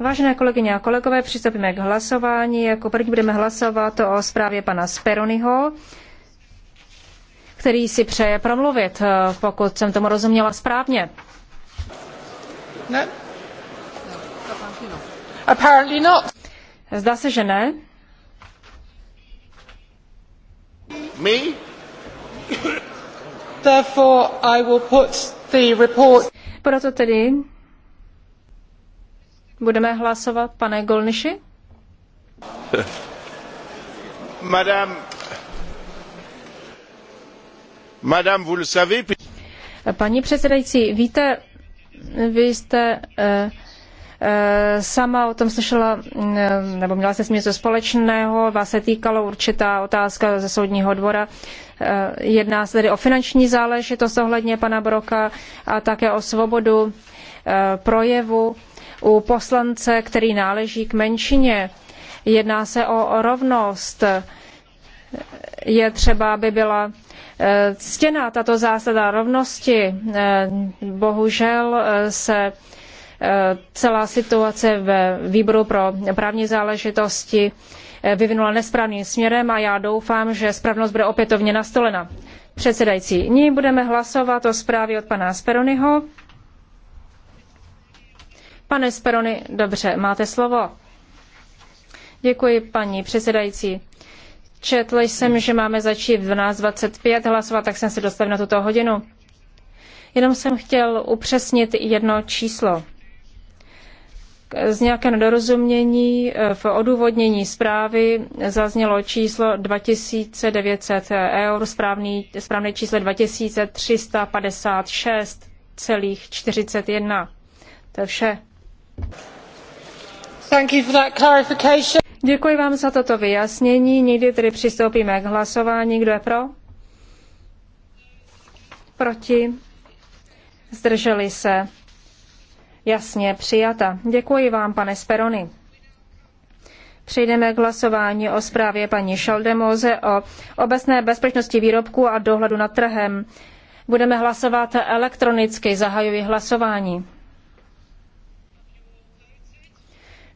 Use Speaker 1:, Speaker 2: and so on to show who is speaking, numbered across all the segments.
Speaker 1: Vážené kolegyně a kolegové, přistoupíme k hlasování. Jako první budeme hlasovat o zprávě pana Speronyho, který si přeje promluvit, eh, pokud jsem tomu rozuměla správně. Ne? Apparently not. Zdá se, že ne. Me? Therefore I will put the report proto tedy budeme hlasovat, pane Golniši? Madame, Madame, vous le savez... Paní předsedající, víte, vy jste eh, Eh, sama o tom slyšela, mm, eh, nebo měla se s něco společného, vás se týkalo určitá otázka ze soudního dvora. Eh, jedná se tedy o finanční záležitost ohledně pana Broka a také o svobodu projevu u poslance, který náleží k menšině. Jedná se o rovnost. Je třeba, aby byla ctěná tato zásada rovnosti. Bohužel se celá situace ve výboru pro právní záležitosti vyvinula nesprávným směrem a já doufám, že správnost bude opětovně nastolena. Předsedající, nyní budeme hlasovat o zprávě od pana Speronyho. Pane Sperony, dobře, máte slovo. Děkuji, paní předsedající. Četl jsem, že máme začít v 12.25 hlasovat, tak jsem se dostal na tuto hodinu. Jenom jsem chtěl upřesnit jedno číslo z nějaké nedorozumění eh, v odůvodnění zprávy zaznělo číslo 2900 eh, eur, správný, správné číslo 2356,41. To je vše. Thank you for that clarification. Děkuji vám za toto vyjasnění. Někdy tedy přistoupíme k hlasování. Kdo je pro? Proti? Zdrželi se? jasně přijata. Děkuji vám, pane Sperony. Přejdeme k hlasování o zprávě paní Šaldemoze o obecné bezpečnosti výrobků a dohledu nad trhem. Budeme hlasovat elektronicky. Zahajuji hlasování.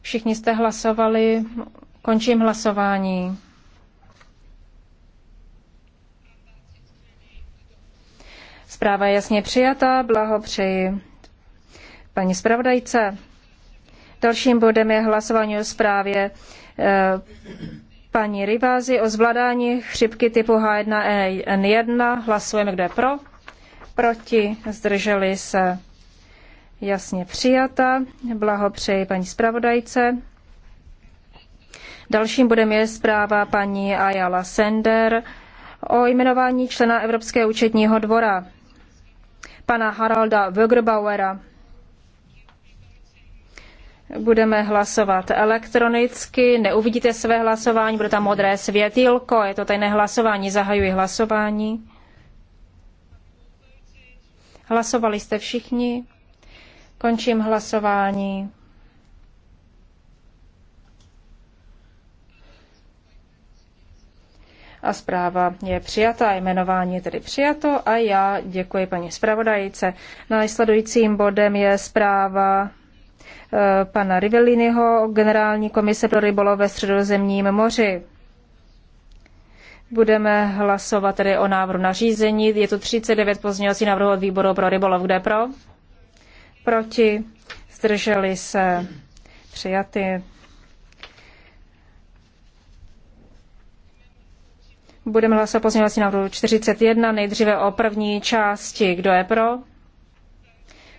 Speaker 1: Všichni jste hlasovali. Končím hlasování. Zpráva je jasně přijata. Blahopřeji paní zpravodajce. Dalším bodem je hlasování o zprávě eh, paní Rivázy o zvládání chřipky typu H1N1. Hlasujeme, kdo je pro. Proti zdrželi se jasně přijata. Blahopřeji paní zpravodajce. Dalším bodem je zpráva paní Ayala Sender o jmenování člena Evropského účetního dvora, pana Haralda Wögerbauera budeme hlasovat elektronicky, neuvidíte své hlasování, bude tam modré světýlko, je to tajné hlasování, zahajuji hlasování. Hlasovali jste všichni, končím hlasování. a zpráva je přijata, jmenování je tedy přijato a já děkuji paní zpravodajce. Následujícím bodem je zpráva Eh, pana Rivelliniho, generální komise pro rybolov ve středozemním moři. Budeme hlasovat tedy o návrhu nařízení. Je to 39 pozměňovací návrhů od výboru pro rybolov. Kde pro? Proti? Zdrželi se? Přijaty? Budeme hlasovat pozměňovací návrhu 41, nejdříve o první části. Kdo je pro?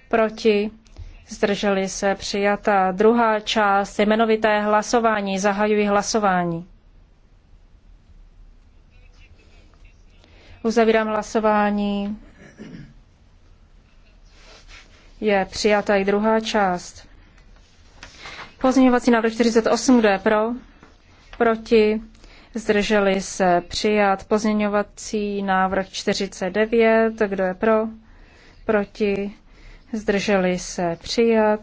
Speaker 1: Proti? Zdrželi se přijata. Druhá část jmenovité hlasování. Zahajuji hlasování. Uzavírám hlasování. Je přijata i druhá část. Pozměňovací návrh 48, kdo je pro? Proti? Zdrželi se přijat. Pozměňovací návrh 49, kdo je pro? Proti? zdrželi se přijat.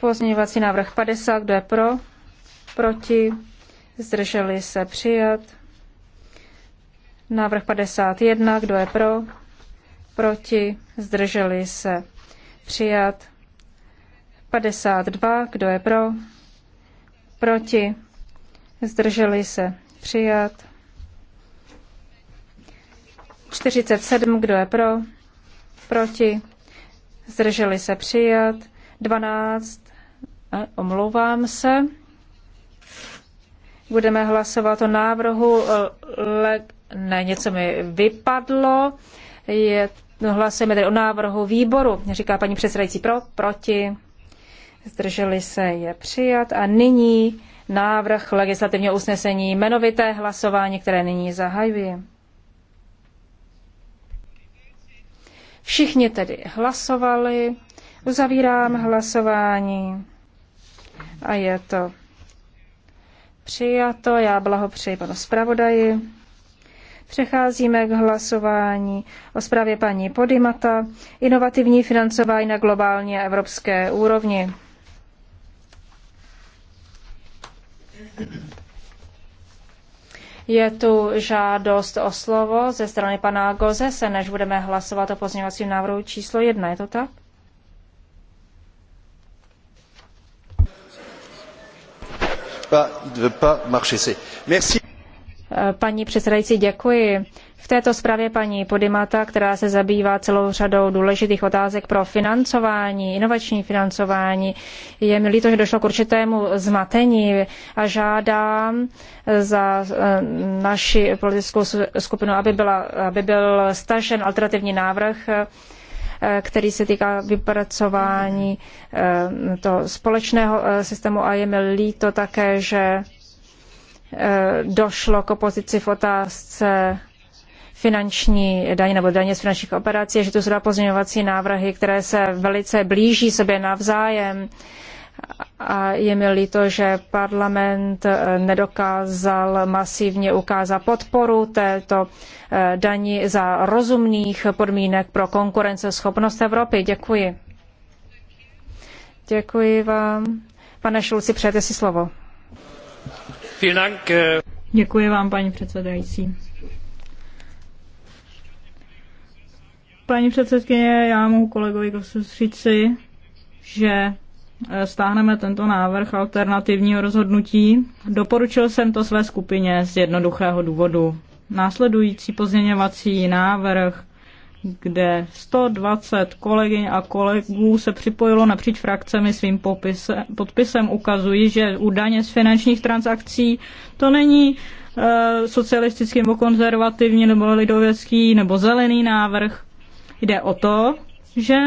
Speaker 1: Pozměňovací návrh 50, kdo je pro, proti, zdrželi se přijat. Návrh 51, kdo je pro, proti, zdrželi se přijat. 52, kdo je pro, proti, zdrželi se přijat. 47, kdo je pro? Proti? Zdrželi se přijat. 12, e, omlouvám se. Budeme hlasovat o návrhu, e, le, ne, něco mi vypadlo. Je, no, hlasujeme tedy o návrhu výboru, říká paní předsedající pro, proti. Zdrželi se je přijat. A nyní návrh legislativního usnesení jmenovité hlasování, které nyní zahajuji. Všichni tedy hlasovali. Uzavírám hlasování. A je to přijato. Já blahopřeji panu zpravodaji. Přecházíme k hlasování o zprávě paní Podimata. Inovativní financování na globální a evropské úrovni. Je tu žádost o slovo ze strany pana Gozese, než budeme hlasovat o pozměňovacím návrhu číslo jedna, Je to tak? Paní předsedající, děkuji. V této zprávě paní Podimata, která se zabývá celou řadou důležitých otázek pro financování, inovační financování, je mi líto, že došlo k určitému zmatení a žádám za eh, naši politickou skupinu, aby, byla, aby byl stažen alternativní návrh, eh, který se týká vypracování eh, toho společného systému a je mi líto také, že došlo k opozici v otázce finanční daně nebo daně z finančních operací, že to jsou dva pozměňovací návrhy, které se velice blíží sobě navzájem. A je mi líto, že parlament eh, nedokázal masivně ukázat podporu této eh, dani za rozumných podmínek pro konkurenceschopnost Evropy. Děkuji. Děkuji vám. Pane Šulci, přejete si slovo. Eh.
Speaker 2: Děkuji vám, paní předsedající. paní předsedkyně. Já mohu kolegovi Kosus říci, že eh, stáhneme tento návrh alternativního rozhodnutí. Doporučil jsem to své skupině z jednoduchého důvodu. Následující pozměňovací návrh, kde 120 kolegyň a kolegů se připojilo napříč frakcemi svým popise, podpisem, ukazují, že u daně z finančních transakcí to není eh, socialistický nebo konzervativní nebo lidověcký nebo zelený návrh. Jde o to, že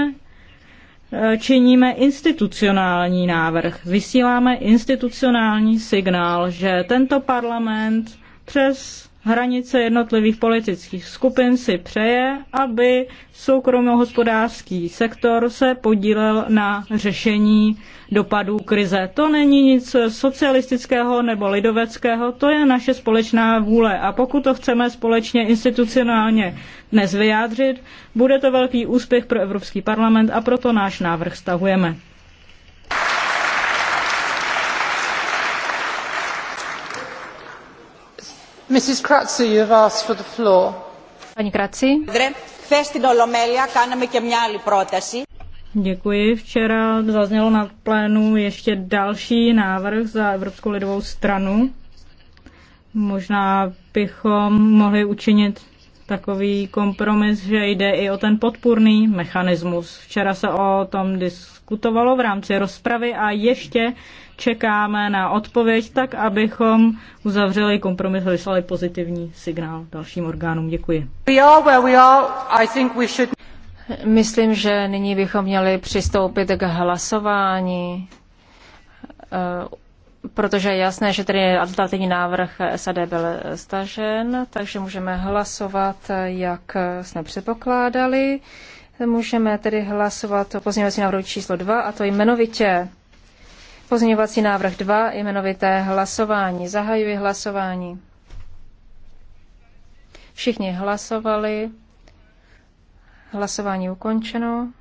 Speaker 2: e, činíme institucionální návrh. Vysíláme institucionální signál, že tento parlament přes hranice jednotlivých politických skupin si přeje, aby soukromohospodářský sektor se podílel na řešení dopadů krize. To není nic socialistického nebo lidoveckého, to je naše společná vůle a pokud to chceme společně institucionálně dnes vyjádřit, bude to velký úspěch pro Evropský parlament a proto náš návrh stahujeme. Děkuji. Včera zaznělo na plénu ještě další návrh za Evropskou lidovou stranu. Možná bychom mohli učinit takový kompromis, že jde i o ten podpůrný mechanismus. Včera se o tom diskutovalo v rámci rozpravy a ještě čekáme na odpověď, tak abychom uzavřeli kompromis, vyslali pozitivní signál dalším orgánům. Děkuji.
Speaker 1: Myslím, že nyní bychom měli přistoupit k hlasování, eh, protože je jasné, že tedy alternativní návrh SAD byl stažen, takže můžeme hlasovat, jak jsme předpokládali. Můžeme tedy hlasovat o pozměňovacím návrhu číslo 2, a to jmenovitě. Pozměňovací návrh 2, jmenovité hlasování. Zahajuji hlasování. Všichni hlasovali. Hlasování ukončeno.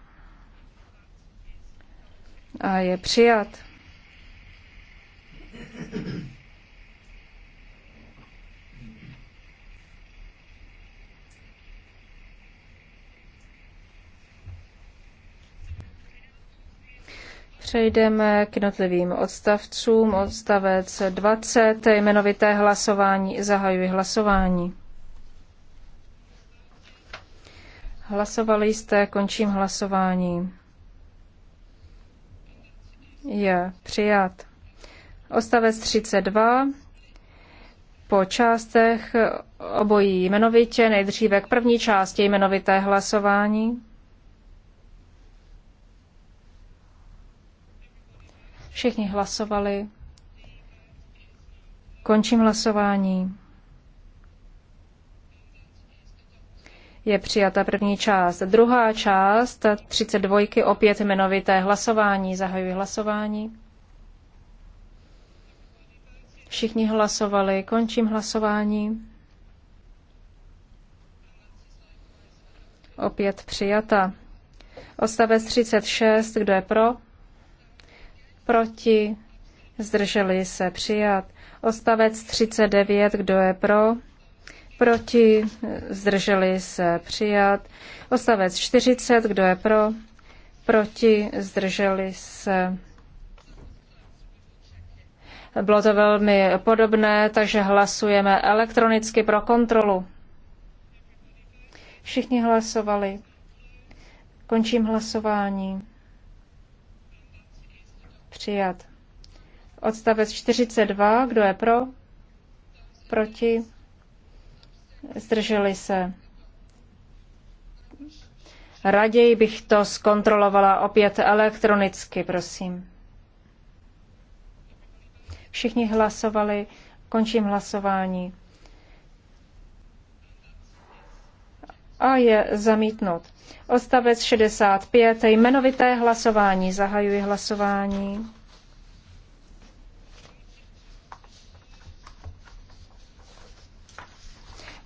Speaker 1: A je přijat. Přejdeme k jednotlivým odstavcům. Odstavec 20, jmenovité hlasování. Zahajuji hlasování. Hlasovali jste, končím hlasování. Je přijat. Odstavec 32. Po částech obojí jmenovitě, nejdříve k první části jmenovité hlasování. Všichni hlasovali. Končím hlasování. Je přijata první část. Druhá část 32. opět jmenovité hlasování. Zahajuji hlasování. Všichni hlasovali. Končím hlasování. Opět přijata. Odstavec 36. Kdo je pro? proti, zdrželi se přijat. Ostavec 39, kdo je pro, proti, zdrželi se přijat. Ostavec 40, kdo je pro, proti, zdrželi se. Bylo to velmi podobné, takže hlasujeme elektronicky pro kontrolu. Všichni hlasovali. Končím hlasování. Přijat. Odstavec 42. Kdo je pro? Proti? Zdrželi se. Raději bych to zkontrolovala opět elektronicky, prosím. Všichni hlasovali. Končím hlasování. a je zamítnut. Odstavec 65. Jmenovité hlasování. Zahajuji hlasování.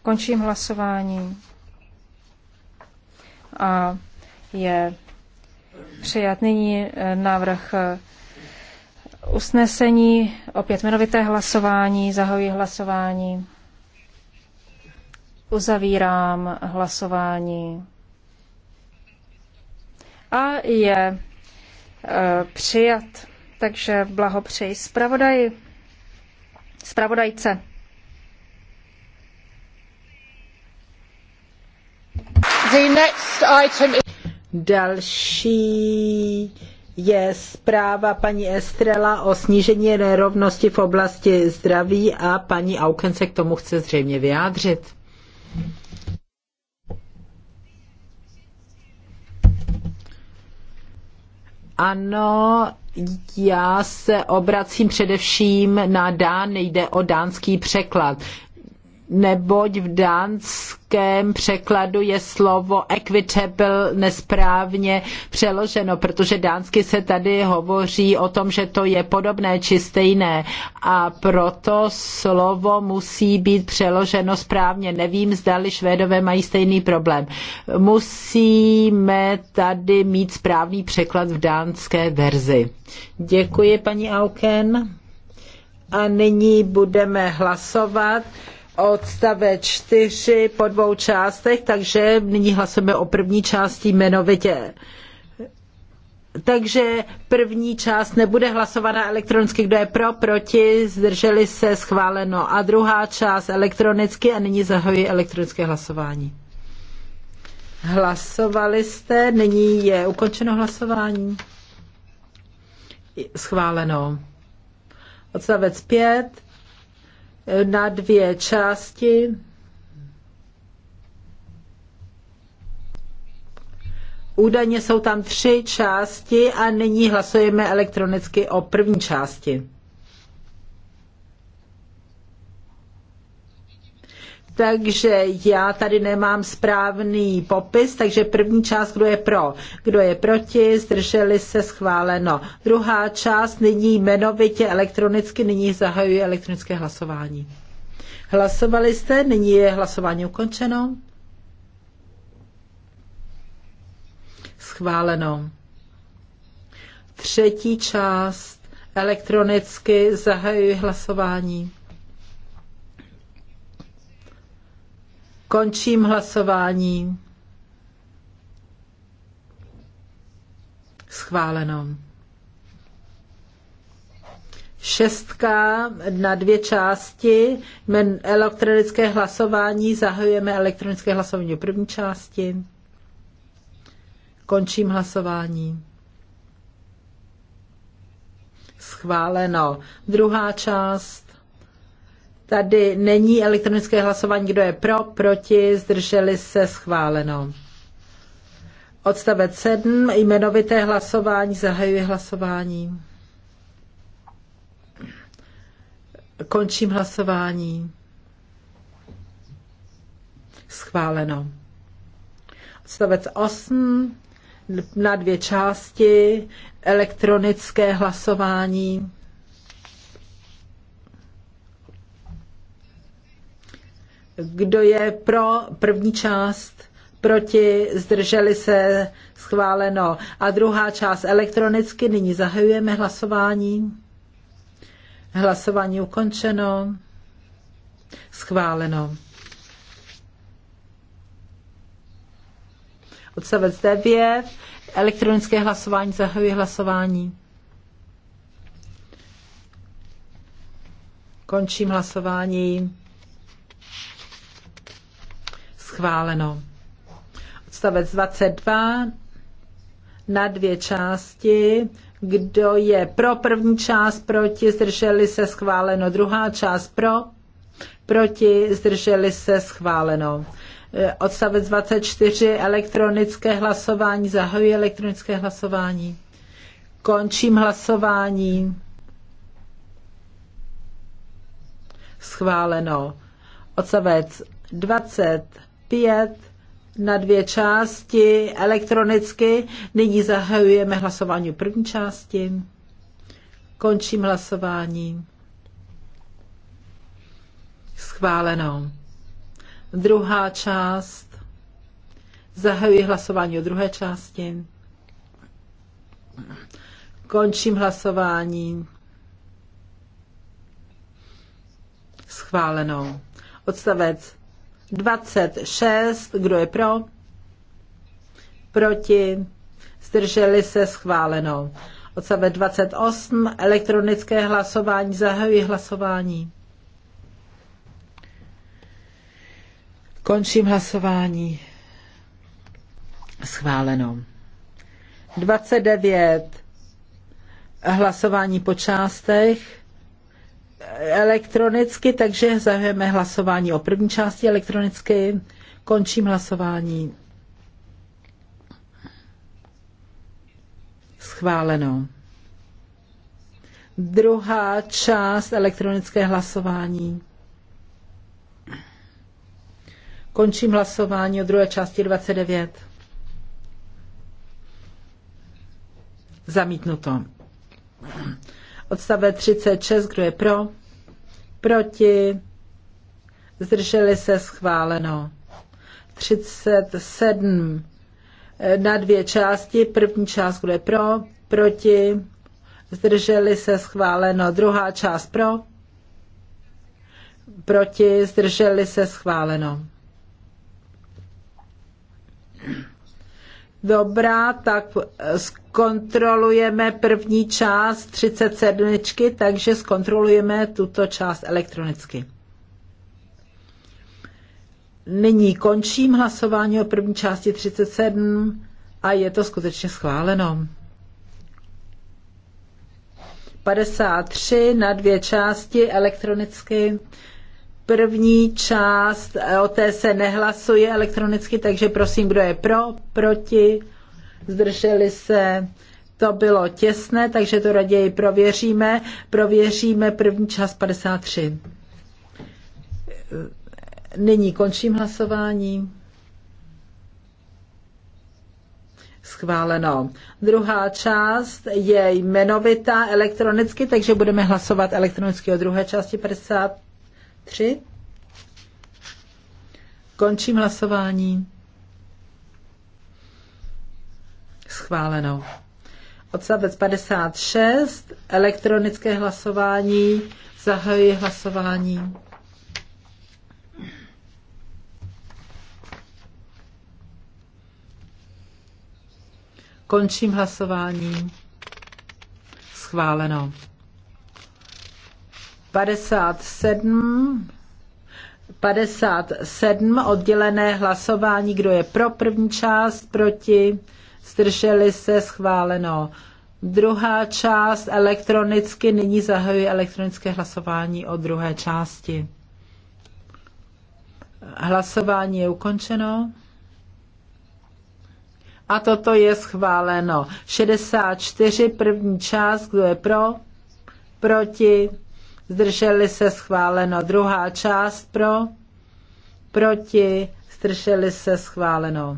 Speaker 1: Končím hlasování. A je přijat nyní e, návrh e, usnesení, opět jmenovité hlasování, Zahajuji hlasování. Uzavírám hlasování. A je e, přijat. Takže blahopřeji zpravodaj, zpravodajce.
Speaker 3: The next item is... Další je zpráva paní Estrela o snížení nerovnosti v oblasti zdraví a paní Auken se k tomu chce zřejmě vyjádřit. Ano, já se obracím především na Dán, nejde o dánský překlad. Neboť v Dánsku českém překladu je slovo equitable nesprávně přeloženo, protože dánsky se tady hovoří o tom, že to je podobné či stejné a proto slovo musí být přeloženo správně. Nevím, zdali švédové mají stejný problém. Musíme tady mít správný překlad v dánské verzi. Děkuji, paní Auken. A nyní budeme hlasovat odstavec 4 po dvou částech, takže nyní hlasujeme o první části jmenovitě. Takže první část nebude hlasována elektronicky, kdo je pro, proti, zdrželi se, schváleno. A druhá část elektronicky a nyní zahajuji elektronické hlasování. Hlasovali jste, nyní je ukončeno hlasování. Schváleno. Odstavec 5 na dvě části. Údajně jsou tam tři části a nyní hlasujeme elektronicky o první části. takže já tady nemám správný popis, takže první část, kdo je pro, kdo je proti, zdrželi se schváleno. Druhá část nyní jmenovitě elektronicky, nyní zahajuje elektronické hlasování. Hlasovali jste, nyní je hlasování ukončeno. Schváleno. Třetí část, elektronicky zahajuje hlasování. Končím hlasování. Schváleno. Šestka na dvě části. Elektronické hlasování. Zahajujeme elektronické hlasování v první části. Končím hlasování. Schváleno. Druhá část. Tady není elektronické hlasování, kdo je pro, proti, zdrželi se, schváleno. Odstavec 7, jmenovité hlasování, zahajuji hlasování. Končím hlasování. Schváleno. Odstavec 8, na dvě části, elektronické hlasování. Kdo je pro první část? Proti? Zdrželi se? Schváleno. A druhá část elektronicky. Nyní zahajujeme hlasování. Hlasování ukončeno. Schváleno. Odstavec 9. Elektronické hlasování. zahajuje hlasování. Končím hlasování schváleno. Odstavec 22 na dvě části. Kdo je pro první část, proti, zdrželi se schváleno. Druhá část pro, proti, zdrželi se schváleno. E, odstavec 24, elektronické hlasování, zahajuji elektronické hlasování. Končím hlasování. Schváleno. Odstavec 20 Pět na dvě části elektronicky. Nyní zahajujeme hlasování o první části. Končím hlasování. Schváleno. Druhá část. Zahajuji hlasování o druhé části. Končím hlasování. Schváleno. Odstavec 26, kdo je pro? Proti? Zdrželi se schváleno. Odstavec 28, elektronické hlasování, zahajuji hlasování. Končím hlasování. Schváleno. 29. Hlasování po částech elektronicky, takže zahajeme hlasování o první části elektronicky. Končím hlasování. Schváleno. Druhá část elektronické hlasování. Končím hlasování o druhé části 29. Zamítnuto odstavec 36, kdo je pro, proti, zdrželi se schváleno. 37 eh, na dvě části, první část, kdo je pro, proti, zdrželi se schváleno, druhá část pro, proti, zdrželi se schváleno. Dobrá, tak eh, zkontrolujeme první část 37, takže zkontrolujeme tuto část elektronicky. Nyní končím hlasování o první části 37 a je to skutečně schváleno. 53 na dvě části elektronicky. První část, eh, o té se nehlasuje elektronicky, takže prosím, kdo je pro, proti, zdrželi se. To bylo těsné, takže to raději prověříme. Prověříme první část 53. Eh, nyní končím hlasování. Schváleno. Druhá část je jmenovitá elektronicky, takže budeme hlasovat elektronicky o druhé části 53. 3. Končím hlasování. Schváleno. Odstavec 56. Elektronické hlasování. Zahajuji hlasování. Končím hlasování. Schváleno. 57, 57 oddělené hlasování, kdo je pro první část, proti, zdrželi se, schváleno. Druhá část elektronicky, nyní zahajuji elektronické hlasování o druhé části. Hlasování je ukončeno. A toto je schváleno. 64, první část, kdo je pro, proti, zdrželi se schváleno. Druhá část pro, proti, zdrželi se schváleno.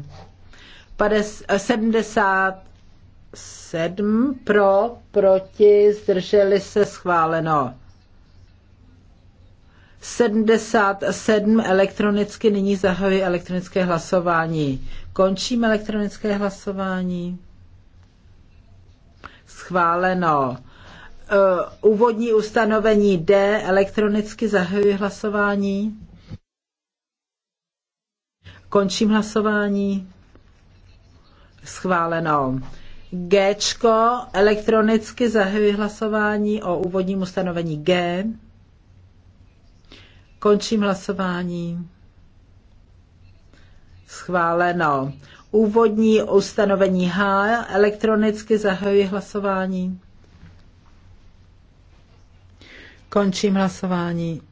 Speaker 3: 77 eh, pro, proti, zdrželi se schváleno. 77 elektronicky, nyní zahajuji elektronické hlasování. Končím elektronické hlasování. Schváleno uh, úvodní ustanovení D elektronicky zahajuji hlasování. Končím hlasování. Schváleno. G elektronicky zahajuji hlasování o úvodním ustanovení G. Končím hlasování. Schváleno. Úvodní ustanovení H. Elektronicky zahajuji hlasování. Končím hlasování.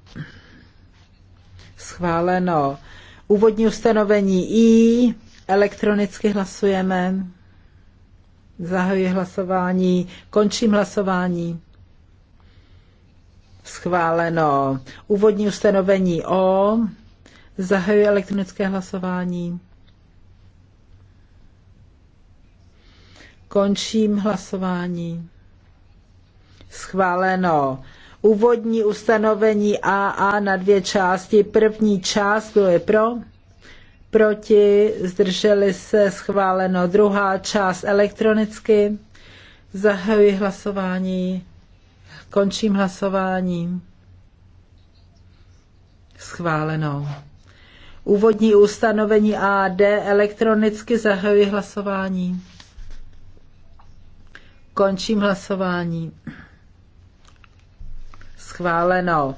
Speaker 3: Schváleno. Úvodní ustanovení I. Elektronicky hlasujeme. Zahajuji hlasování. Končím hlasování. Schváleno. Úvodní ustanovení O. Zahajuji elektronické hlasování. Končím hlasování. Schváleno úvodní ustanovení AA na dvě části. První část, kdo je pro? Proti, zdrželi se, schváleno. Druhá část elektronicky. Zahajuji hlasování. Končím hlasování. Schváleno. Úvodní ustanovení AD elektronicky zahajuji hlasování. Končím hlasování schváleno.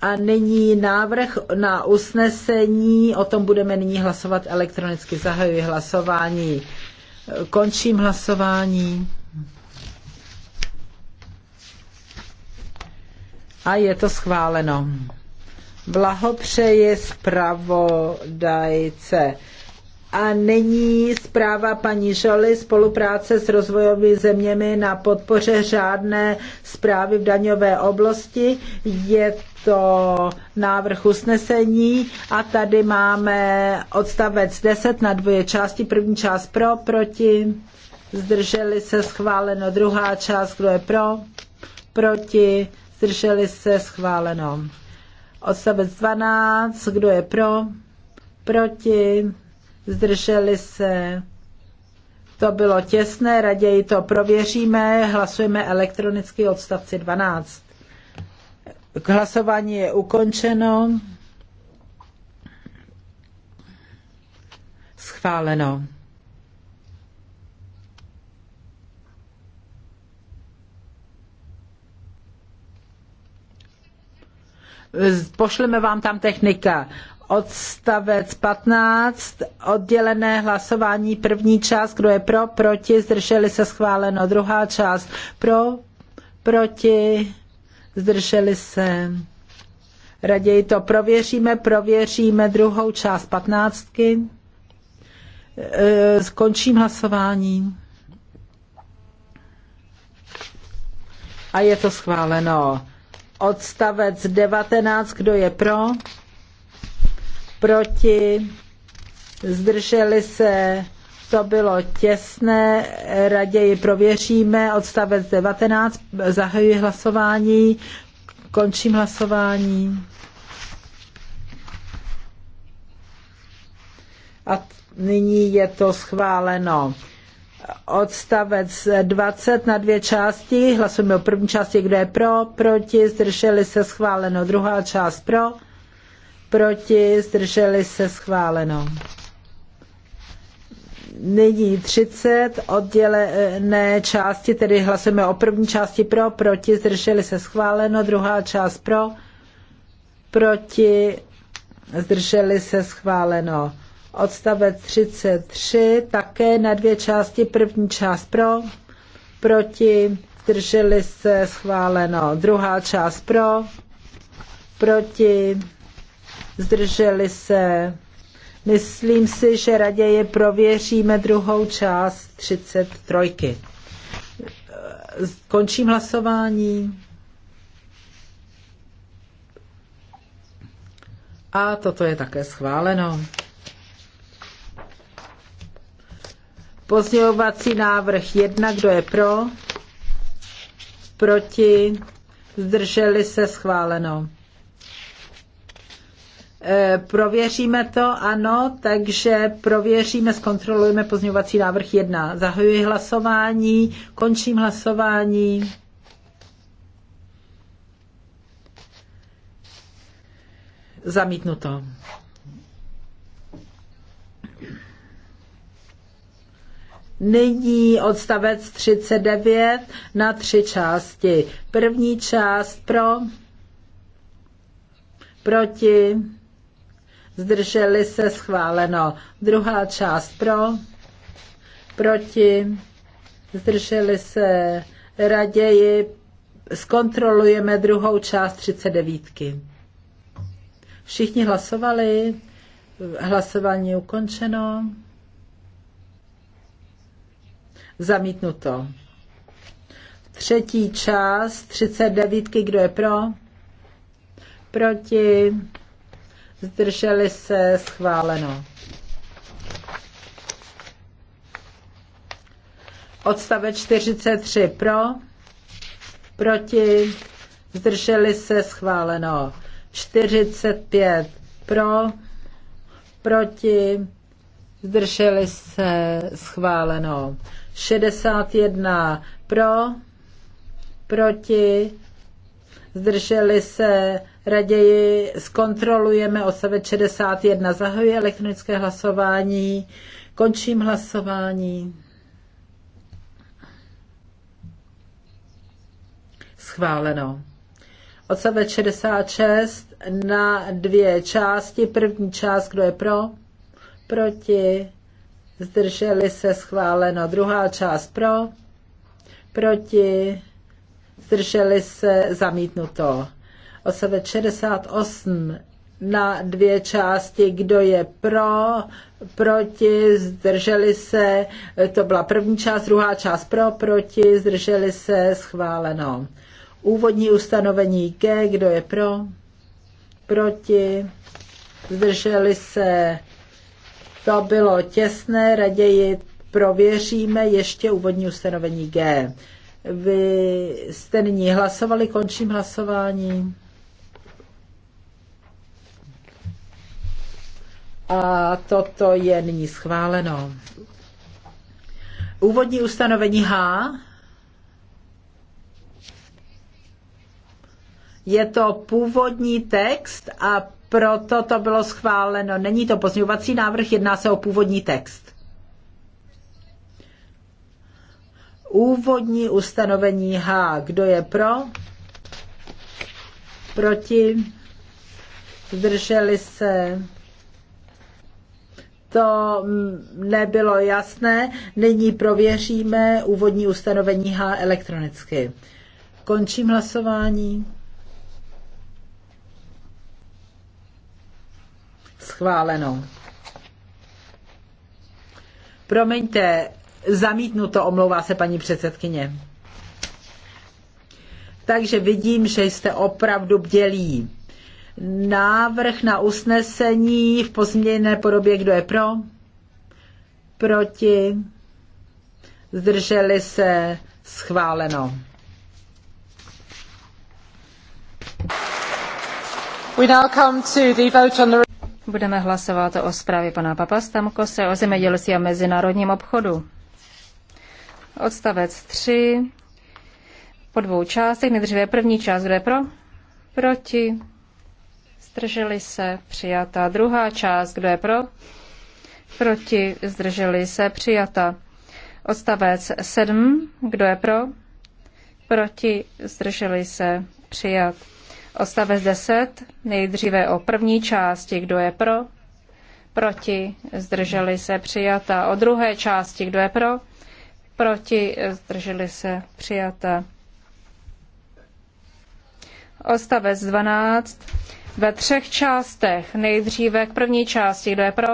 Speaker 3: A nyní návrh na usnesení, o tom budeme nyní hlasovat elektronicky. Zahajuji hlasování. Končím hlasování. A je to schváleno. Blahopřeji zpravodajce a není zpráva paní Žoly spolupráce s rozvojovými zeměmi na podpoře řádné zprávy v daňové oblasti. Je to návrh usnesení a tady máme odstavec 10 na dvě části. První část pro, proti, zdrželi se schváleno. Druhá část, kdo je pro, proti, zdrželi se schváleno. Odstavec 12, kdo je pro, proti, zdrželi se. To bylo těsné, raději to prověříme, hlasujeme elektronicky odstavci 12. Hlasování je ukončeno. Schváleno. pošleme vám tam technika odstavec 15, oddělené hlasování první část, kdo je pro, proti, zdrželi se schváleno, druhá část pro, proti, zdrželi se. Raději to prověříme, prověříme druhou část patnáctky. E, skončím hlasování. A je to schváleno. Odstavec 19, kdo je pro? proti, zdrželi se, to bylo těsné, raději prověříme, odstavec 19, zahajuji hlasování, končím hlasování. A nyní je to schváleno. Odstavec 20 na dvě části. Hlasujeme o první části, kde je pro, proti, zdrželi se schváleno. Druhá část pro, proti, zdrželi se schváleno. Nyní 30 oddělené části, tedy hlasujeme o první části pro, proti, zdrželi se schváleno, druhá část pro, proti, zdrželi se schváleno. Odstavec 33, také na dvě části, první část pro, proti, zdrželi se schváleno. Druhá část pro, proti, zdrželi se. Myslím si, že raději prověříme druhou část 33. Končím hlasování. A toto je také schváleno. Pozdějovací návrh 1, kdo je pro? Proti? Zdrželi se schváleno. Eh, prověříme to, ano, takže prověříme, zkontrolujeme pozměňovací návrh 1. Zahajuji hlasování, končím hlasování. Zamítnuto. Nyní odstavec 39 na tři části. První část pro, proti, zdrželi se schváleno. Druhá část pro, proti, zdrželi se raději, zkontrolujeme druhou část 39. Všichni hlasovali, hlasování ukončeno, zamítnuto. Třetí část 39. Kdo je pro? Proti? zdrželi se, schváleno. Odstave 43 pro, proti, zdrželi se, schváleno. 45 pro, proti, zdrželi se, schváleno. 61 pro, proti, zdrželi se, raději zkontrolujeme sebe 61. Zahajuji elektronické hlasování, končím hlasování. Schváleno. Odstavec 66 na dvě části. První část, kdo je pro? Proti. Zdrželi se schváleno. Druhá část pro? Proti. Zdrželi se zamítnuto odstavec 68 na dvě části, kdo je pro, proti, zdrželi se, to byla první část, druhá část pro, proti, zdrželi se, schváleno. Úvodní ustanovení G, kdo je pro, proti, zdrželi se, to bylo těsné, raději prověříme ještě úvodní ustanovení G. Vy jste nyní hlasovali, končím hlasování. A toto je nyní schváleno. Úvodní ustanovení H. Je to původní text a proto to bylo schváleno. Není to pozměňovací návrh, jedná se o původní text. Úvodní ustanovení H. Kdo je pro? Proti? Zdrželi se? to nebylo jasné. Nyní prověříme úvodní ustanovení H elektronicky. Končím hlasování. Schváleno. Promiňte, zamítnuto, omlouvá se paní předsedkyně. Takže vidím, že jste opravdu bdělí. Návrh na usnesení v pozměněné podobě, kdo je pro? Proti? Zdrželi se? Schváleno.
Speaker 1: We now come to the vote on the... Budeme hlasovat o zprávě pana Papastamkose o zemědělství a mezinárodním obchodu. Odstavec 3. Po dvou částech. Nejdříve první část. Kdo je pro? Proti. Zdrželi se přijata. Druhá část, kdo je pro? Proti, zdrželi se přijata. Odstavec 7, kdo je pro? Proti, zdrželi se přijat. Odstavec 10, nejdříve o první části, kdo je pro? Proti, zdrželi se přijata. O druhé části, kdo je pro? Proti, zdrželi se přijata. Odstavec 12, ve třech částech. Nejdříve k první části, kdo je pro?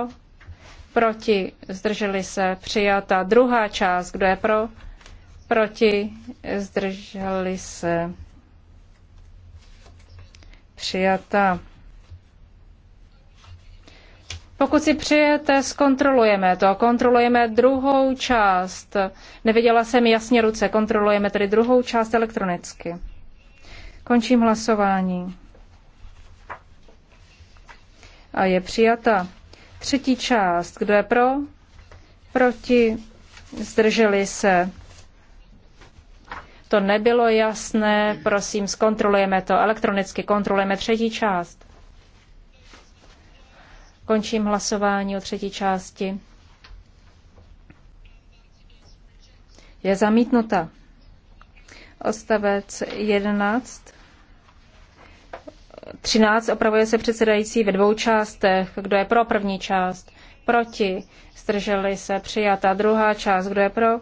Speaker 1: Proti, zdrželi se, přijata. Druhá část, kdo je pro? Proti, zdrželi se, přijata. Pokud si přijete, zkontrolujeme to. Kontrolujeme druhou část. Neviděla jsem jasně ruce. Kontrolujeme tedy druhou část elektronicky. Končím hlasování a je přijata. Třetí část, kdo je pro, proti, zdrželi se. To nebylo jasné, prosím, zkontrolujeme to elektronicky, kontrolujeme třetí část. Končím hlasování o třetí části. Je zamítnuta. Ostavec 11. 13 opravuje se předsedající ve dvou částech. Kdo je pro první část? Proti. Zdrželi se. Přijata druhá část. Kdo je pro?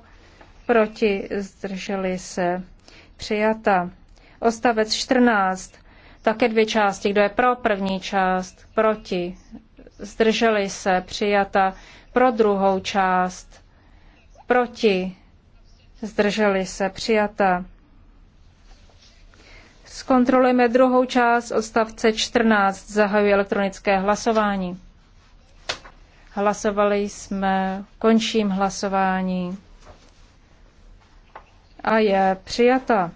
Speaker 1: Proti. Zdrželi se. Přijata. Ostavec 14. Také dvě části. Kdo je pro první část? Proti. Zdrželi se. Přijata. Pro druhou část. Proti. Zdrželi se. Přijata. Zkontrolujeme druhou část odstavce 14. Zahajuji elektronické hlasování. Hlasovali jsme, končím hlasování. A je přijata.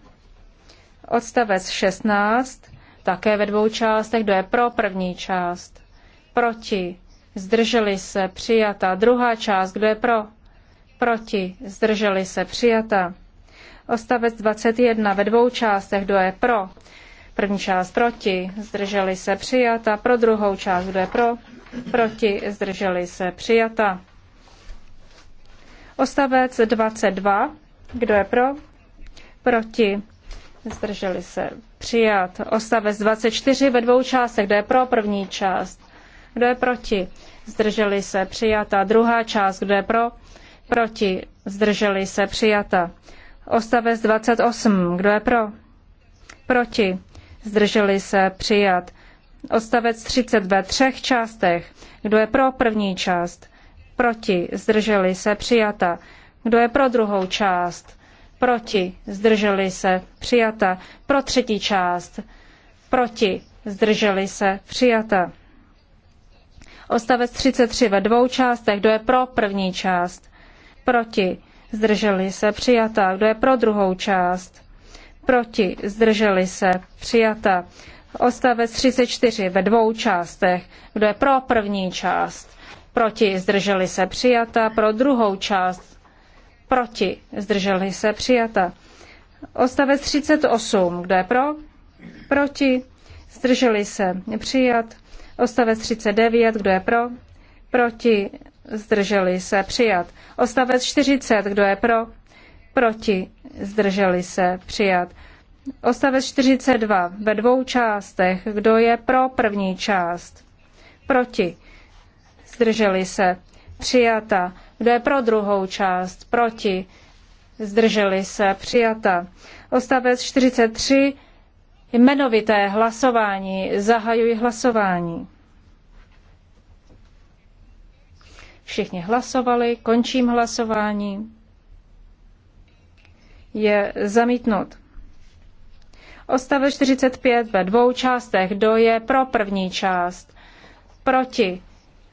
Speaker 1: Odstavec 16, také ve dvou částech. Kdo je pro první část? Proti. Zdrželi se, přijata. Druhá část, kdo je pro? Proti. Zdrželi se, přijata. Ostavec 21 ve dvou částech, kdo je pro. První část proti, zdrželi se přijata. Pro druhou část, kdo je pro, proti, zdrželi se přijata. Ostavec 22, kdo je pro, proti, zdrželi se přijat. Ostavec 24 ve dvou částech, kdo je pro první část, kdo je proti, zdrželi se přijata. Druhá část, kdo je pro, proti, zdrželi se přijata. Ostavec 28. Kdo je pro? Proti. Zdrželi se přijat. Odstavec 30 ve třech částech. Kdo je pro první část? Proti. Zdrželi se přijata. Kdo je pro druhou část? Proti. Zdrželi se přijata. Pro třetí část? Proti. Zdrželi se přijata. Odstavec 33 ve dvou částech. Kdo je pro první část? Proti zdrželi se, přijata. Kdo je pro druhou část? Proti, zdrželi se, přijata. Ostavec 34 ve dvou částech. Kdo je pro první část? Proti, zdrželi se, přijata. Pro druhou část? Proti, zdrželi se, přijata. Ostavec 38. Kdo je pro? Proti. Zdrželi se. Přijat. Ostavec 39. Kdo je pro? Proti. Zdrželi se přijat. Odstavec 40. Kdo je pro? Proti. Zdrželi se přijat. Odstavec 42. Ve dvou částech. Kdo je pro první část? Proti. Zdrželi se. Přijata. Kdo je pro druhou část? Proti. Zdrželi se. Přijata. Odstavec 43. Jmenovité hlasování. Zahajuji hlasování. Všichni hlasovali, končím hlasování. Je zamítnut. Ostavil 45 ve dvou částech. Kdo je pro první část? Proti.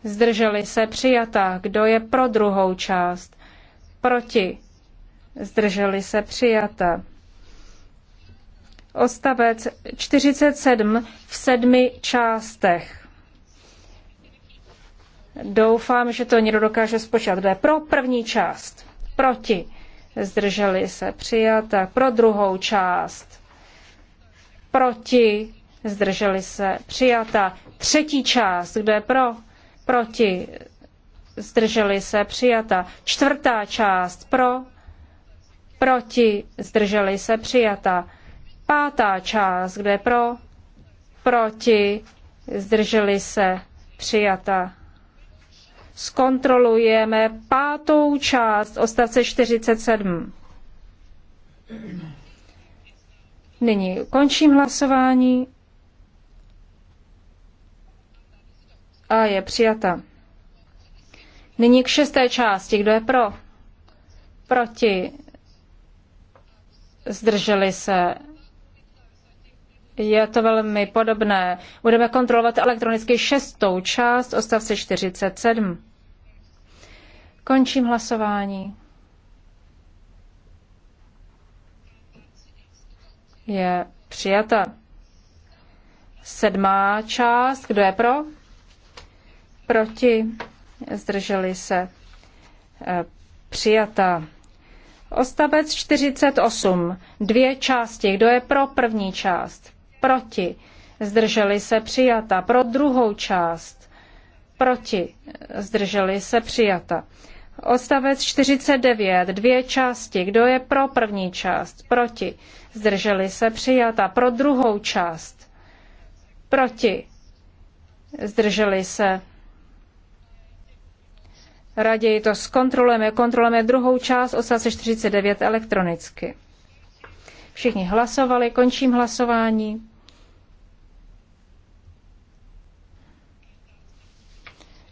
Speaker 1: Zdrželi se přijata. Kdo je pro druhou část? Proti. Zdrželi se přijata. Ostavec 47 v sedmi částech. Doufám, že to někdo dokáže spočítat. Kdo je pro první část? Proti? Zdrželi se přijata. Pro druhou část? Proti? Zdrželi se přijata. Třetí část. Kdo je pro? Proti? Zdrželi se přijata. Čtvrtá část. Pro? Proti? Zdrželi se přijata. Pátá část. Kdo je pro? Proti? Zdrželi se přijata zkontrolujeme pátou část odstavce 47. Nyní končím hlasování a je přijata. Nyní k šesté části. Kdo je pro? Proti? Zdrželi se? Je to velmi podobné. Budeme kontrolovat elektronicky šestou část ostavce 47. Končím hlasování. Je přijata. Sedmá část. Kdo je pro? Proti? Zdrželi se. E, přijata. Ostavec 48. Dvě části. Kdo je pro první část? Proti. Zdrželi se přijata. Pro druhou část proti, zdrželi se přijata. Odstavec 49, dvě části. Kdo je pro první část? Proti. Zdrželi se přijata. Pro druhou část? Proti. Zdrželi se. Raději to zkontrolujeme. Kontrolujeme druhou část odstavce 49 elektronicky. Všichni hlasovali. Končím hlasování.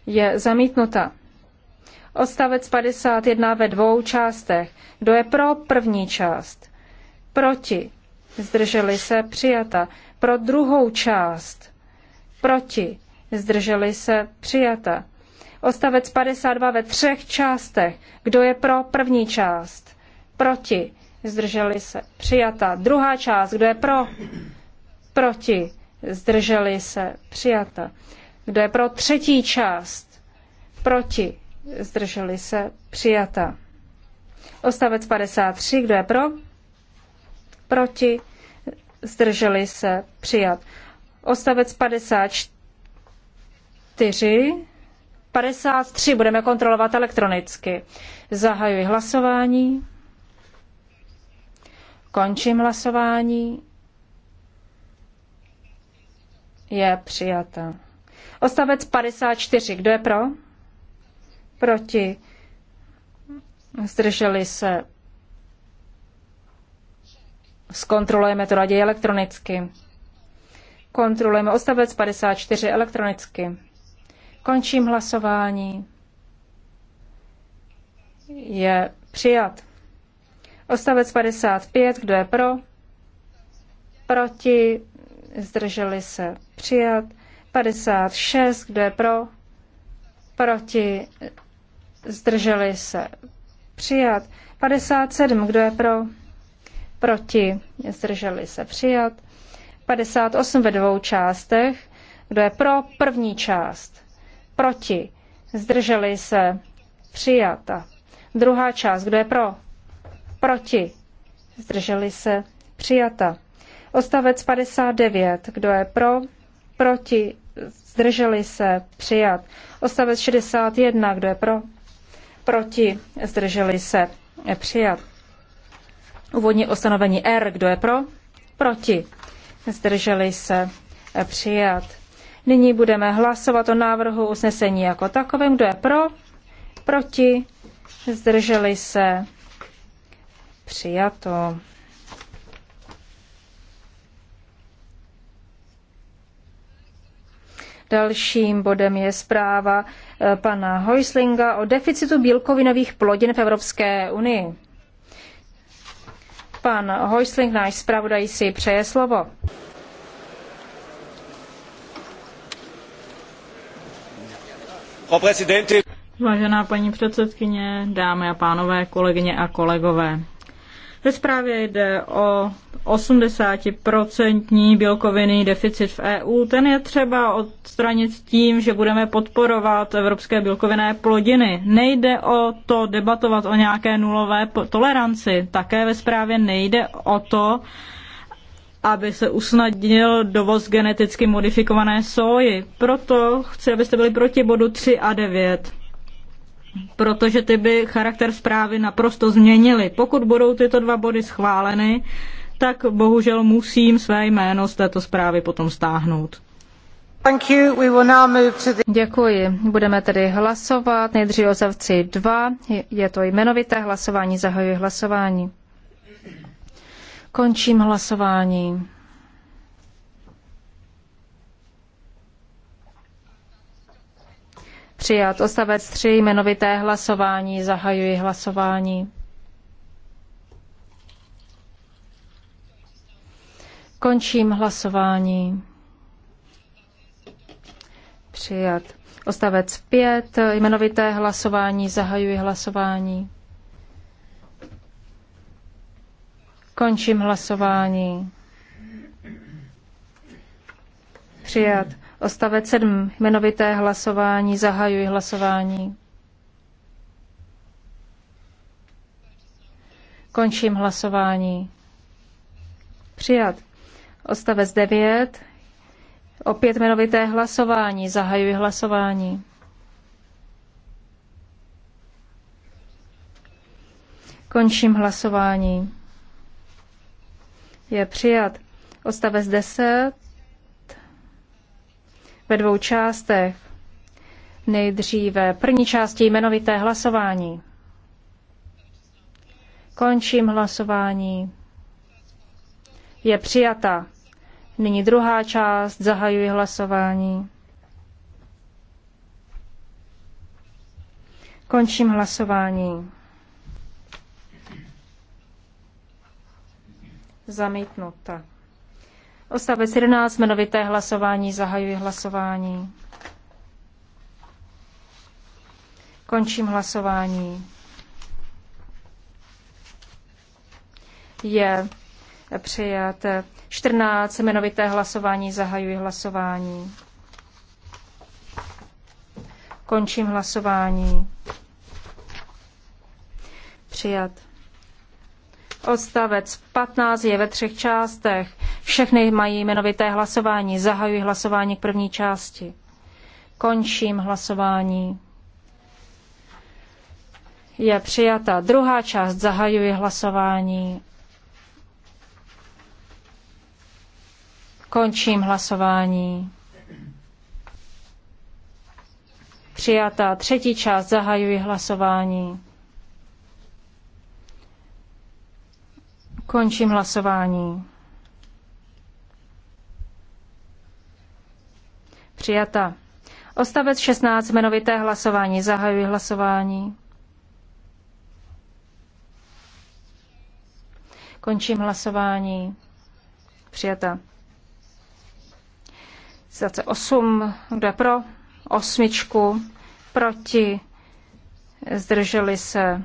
Speaker 1: je zamítnuta. Odstavec 51 ve dvou částech. Kdo je pro první část? Proti. Zdrželi se přijata. Pro druhou část. Proti. Zdrželi se přijata. Ostavec 52 ve třech částech. Kdo je pro první část? Proti. Zdrželi se přijata. Druhá část. Kdo je pro? Proti. Zdrželi se přijata. Kdo je pro třetí část? Proti. Zdrželi se. Přijata. Ostavec 53. Kdo je pro? Proti. Zdrželi se. Přijat. Ostavec 54. 53 budeme kontrolovat elektronicky. Zahajuji hlasování. Končím hlasování. Je přijata. Ostavec 54. Kdo je pro? Proti? Zdrželi se? Zkontrolujeme to raději elektronicky. Kontrolujeme ostavec 54 elektronicky. Končím hlasování. Je přijat. Ostavec 55, kdo je pro? Proti? Zdrželi se? Přijat. 56, kdo je pro, proti, zdrželi se přijat. 57, kdo je pro, proti, zdrželi se přijat. 58 ve dvou částech, kdo je pro první část, proti, zdrželi se přijata. Druhá část, kdo je pro, proti, zdrželi se přijata. Ostavec 59, kdo je pro, proti, zdrželi se, přijat. Ostavec 61, kdo je pro, proti, zdrželi se, přijat. Úvodní ustanovení R, kdo je pro, proti, zdrželi se, přijat. Nyní budeme hlasovat o návrhu usnesení jako takovém. Kdo je pro? Proti? Zdrželi se? Přijato. Dalším bodem je zpráva eh, pana Hoislinga o deficitu bílkovinových plodin v Evropské unii. Pan Hoisling, náš zpravodaj, si přeje slovo.
Speaker 2: Vážená paní předsedkyně, dámy a pánové, kolegyně a kolegové. Ve zprávě jde o 80% bílkovinný deficit v EU. Ten je třeba odstranit tím, že budeme podporovat evropské bílkovinné plodiny. Nejde o to debatovat o nějaké nulové toleranci. Také ve zprávě nejde o to, aby se usnadnil dovoz geneticky modifikované soji. Proto chci, abyste byli proti bodu 3 a 9 protože ty by charakter zprávy naprosto změnily. Pokud budou tyto dva body schváleny, tak bohužel musím své jméno z této zprávy potom stáhnout.
Speaker 1: Děkuji. Budeme tedy hlasovat. Nejdříve o zavci 2. Je to jmenovité hlasování. Zahajuji hlasování. Končím hlasování. Přijat odstavec 3 jmenovité hlasování. Zahajuji hlasování. Končím hlasování. Přijat. Ostavec 5, jmenovité hlasování, zahajuji hlasování. Končím hlasování. Přijat. Ostavec 7. Jmenovité hlasování. Zahajuji hlasování. Končím hlasování. Přijat. Odstavec 9. Opět jmenovité hlasování. Zahajuji hlasování. Končím hlasování. Je přijat. Odstavec 10 ve dvou částech. Nejdříve první části jmenovité hlasování. Končím hlasování. Je přijata. Nyní druhá část. Zahajuji hlasování. Končím hlasování. Zamítnuta. Odstavec 11, jmenovité hlasování, zahajuji hlasování. Končím hlasování. Je přijat 14, jmenovité hlasování, zahajuji hlasování. Končím hlasování. Přijat. Odstavec 15 je ve třech částech. Všechny mají jmenovité hlasování. Zahajuji hlasování k první části. Končím hlasování. Je přijata druhá část. Zahajuji hlasování. Končím hlasování. Přijata třetí část. Zahajuji hlasování. Končím hlasování. Přijata. Ostavec 16, jmenovité hlasování. Zahajuji hlasování. Končím hlasování. Přijata. Citace 8, kdo pro? Osmičku. Proti. Zdrželi se.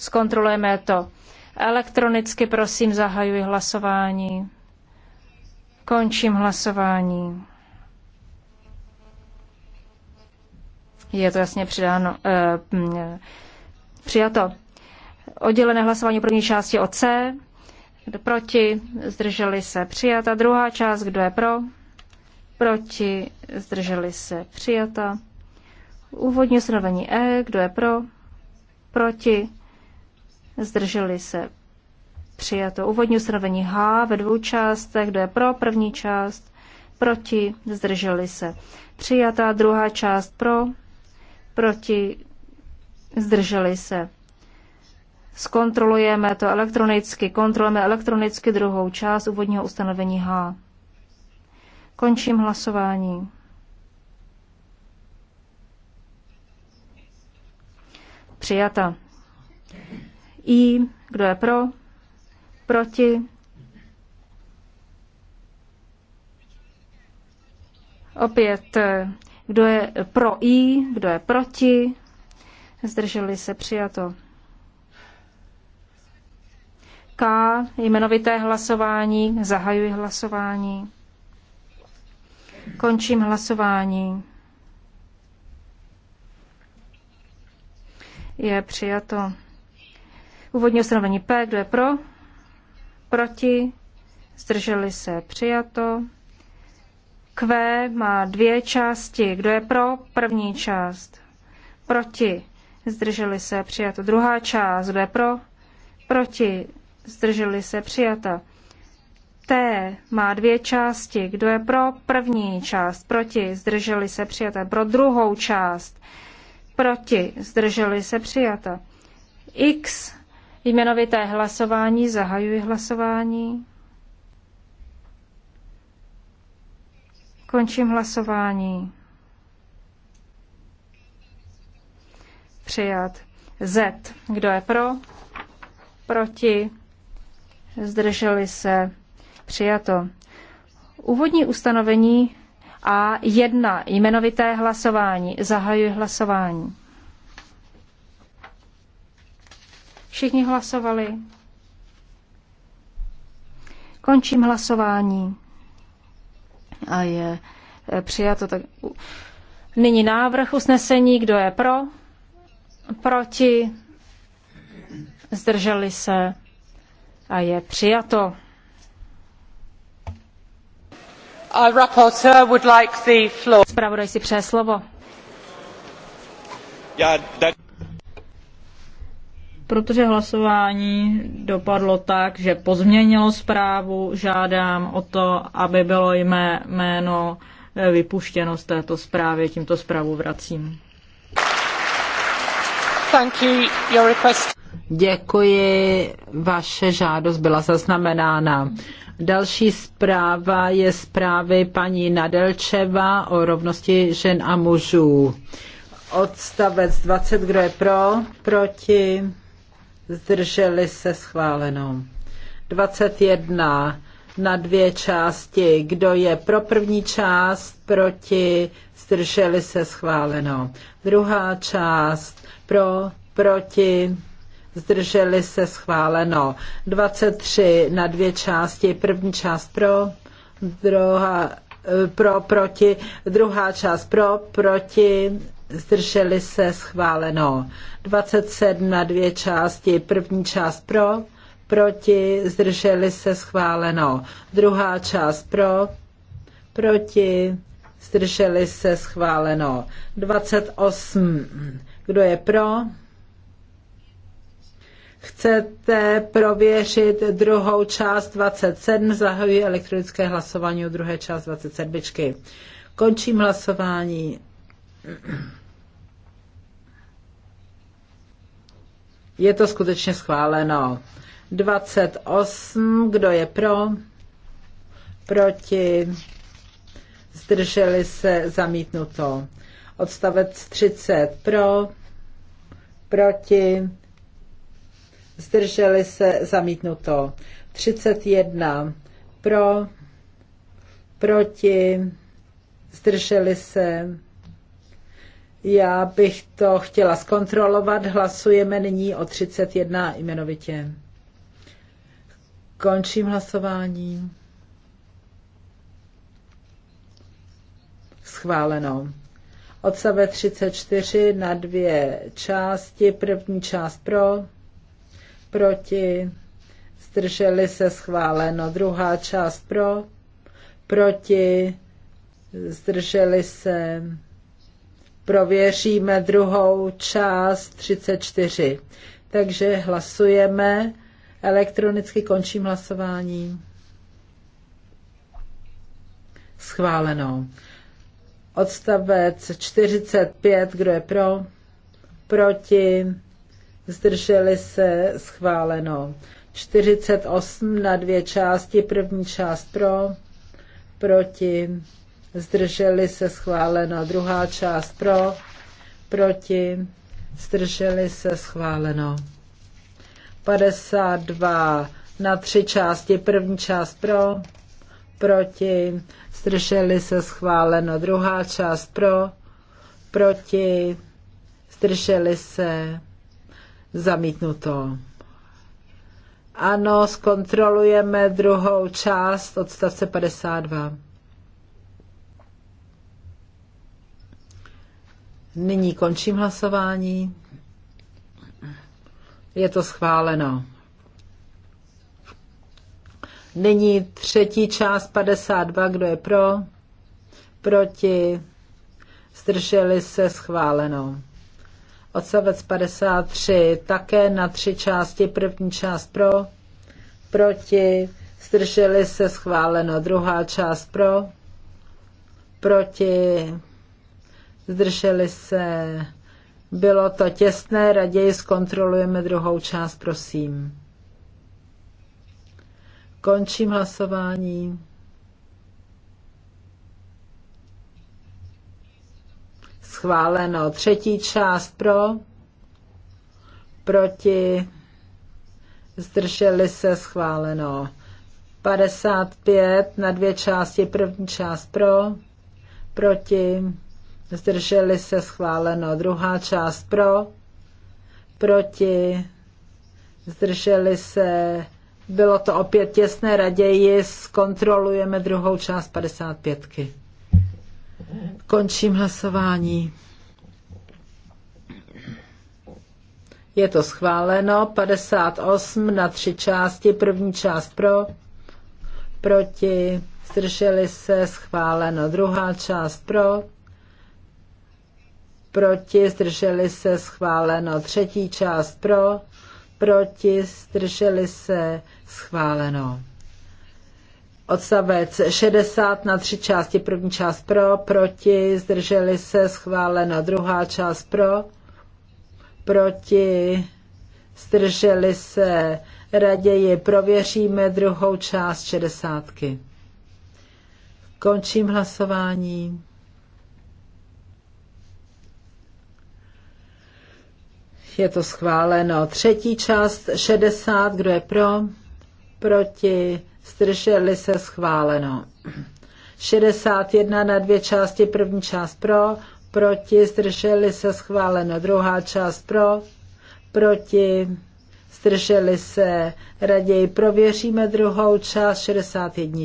Speaker 1: Zkontrolujeme to. Elektronicky prosím zahajuji hlasování. Končím hlasování. Je to jasně přidáno, eh, přijato. Oddělené hlasování první části o C. Kdo proti? Zdrželi se přijata. Druhá část, kdo je pro? Proti? Zdrželi se přijata. Úvodní ustanovení E. Kdo je pro? Proti? zdrželi se přijato. Úvodní ustanovení H ve dvou částech, kdo je pro první část, proti, zdrželi se. Přijatá druhá část pro, proti, zdrželi se. Zkontrolujeme to elektronicky, kontrolujeme elektronicky druhou část úvodního ustanovení H. Končím hlasování. Přijata. I, kdo je pro, proti, opět, eh, kdo je pro I, kdo je proti, zdrželi se přijato. K, jmenovité hlasování, zahajuji hlasování. Končím hlasování. Je přijato. Úvodní ustanovení P, kdo je pro? Proti? Zdrželi se přijato. Q má dvě části. Kdo je pro? První část. Proti? Zdrželi se přijato. Druhá část. Kdo je pro? Proti? Zdrželi se přijata. T má dvě části. Kdo je pro první část? Proti? Zdrželi se přijata. Pro druhou část? Proti? Zdrželi se přijata. X Jmenovité hlasování, zahajuji hlasování. Končím hlasování. Přijat. Z. Kdo je pro? Proti? Zdrželi se? Přijato. Úvodní ustanovení a jedna jmenovité hlasování. Zahajuji hlasování. Všichni hlasovali. Končím hlasování. A je e, přijato tak. Nyní návrh usnesení, kdo je pro, proti, zdrželi se a je přijato.
Speaker 2: Zpravodaj si přeje slovo protože hlasování dopadlo tak, že pozměnilo zprávu. Žádám o to, aby bylo jmé jméno eh, vypuštěno z této zprávy. Tímto zprávu vracím.
Speaker 3: Thank you. Your request. Děkuji, vaše žádost byla zaznamenána. Další zpráva je zprávy paní Nadelčeva o rovnosti žen a mužů. Odstavec 20, kdo je pro, proti, zdrželi se schváleno. 21 na dvě části. Kdo je pro první část, proti, zdrželi se schváleno. Druhá část, pro, proti, zdrželi se schváleno. 23 na dvě části, první část pro, druhá, eh, pro, proti, druhá část pro, proti, zdrželi se schváleno. 27 na dvě části, první část pro, proti, zdrželi se schváleno. Druhá část pro, proti, zdrželi se schváleno. 28. Kdo je pro? Chcete prověřit druhou část 27? Zahajuji elektronické hlasování o druhé část 27. Končím hlasování. Je to skutečně schváleno. 28, kdo je pro? Proti? Zdrželi se zamítnuto. Odstavec 30 pro, proti, zdrželi se zamítnuto. 31 pro, proti, zdrželi se já bych to chtěla zkontrolovat. Hlasujeme nyní o 31 jmenovitě. Končím hlasování. Schváleno. Odstave 34 na dvě části. První část pro, proti, zdrželi se schváleno. Druhá část pro, proti, zdrželi se prověříme druhou část 34. Takže hlasujeme. Elektronicky končím hlasování. Schváleno. Odstavec 45, kdo je pro? Proti? Zdrželi se? Schváleno. 48 na dvě části. První část pro, proti zdrželi se schváleno. Druhá část pro, proti, zdrželi se schváleno. 52 na tři části. První část pro, proti, zdrželi se schváleno. Druhá část pro, proti, zdrželi se zamítnuto. Ano, zkontrolujeme druhou část odstavce 52. Nyní končím hlasování. Je to schváleno. Nyní třetí část 52, kdo je pro, proti, zdrželi se schváleno. Odstavec 53, také na tři části, první část pro, proti, zdrželi se schváleno, druhá část pro, proti, zdrželi se. Bylo to těsné, raději zkontrolujeme druhou část, prosím. Končím hlasování. Schváleno. Třetí část pro, proti, zdrželi se, schváleno. 55 na dvě části, první část pro, proti, zdrželi se schváleno. Druhá část pro, proti, zdrželi se, bylo to opět těsné, raději zkontrolujeme druhou část 55. -ky. Končím hlasování. Je to schváleno, 58 na tři části, první část pro, proti, zdrželi se, schváleno, druhá část pro, proti, zdrželi se, schváleno. Třetí část pro, proti, zdrželi se, schváleno. Odstavec 60 na tři části. První část pro, proti, zdrželi se, schváleno. Druhá část pro, proti, zdrželi se. Raději prověříme druhou část šedesátky. Končím hlasování. je to schváleno. Třetí část 60, kdo je pro, proti, zdrželi se schváleno. 61 na dvě části, první část pro, proti, zdrželi se schváleno. Druhá část pro, proti, zdrželi se. Raději prověříme druhou část 61.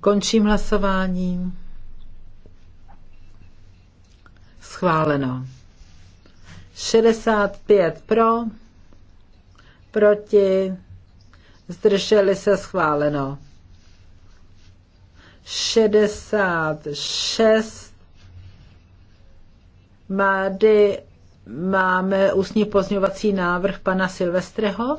Speaker 3: Končím hlasováním. Schváleno. 65 pro, proti, zdrželi se schváleno. 66 Mády máme ústní pozňovací návrh pana Silvestreho.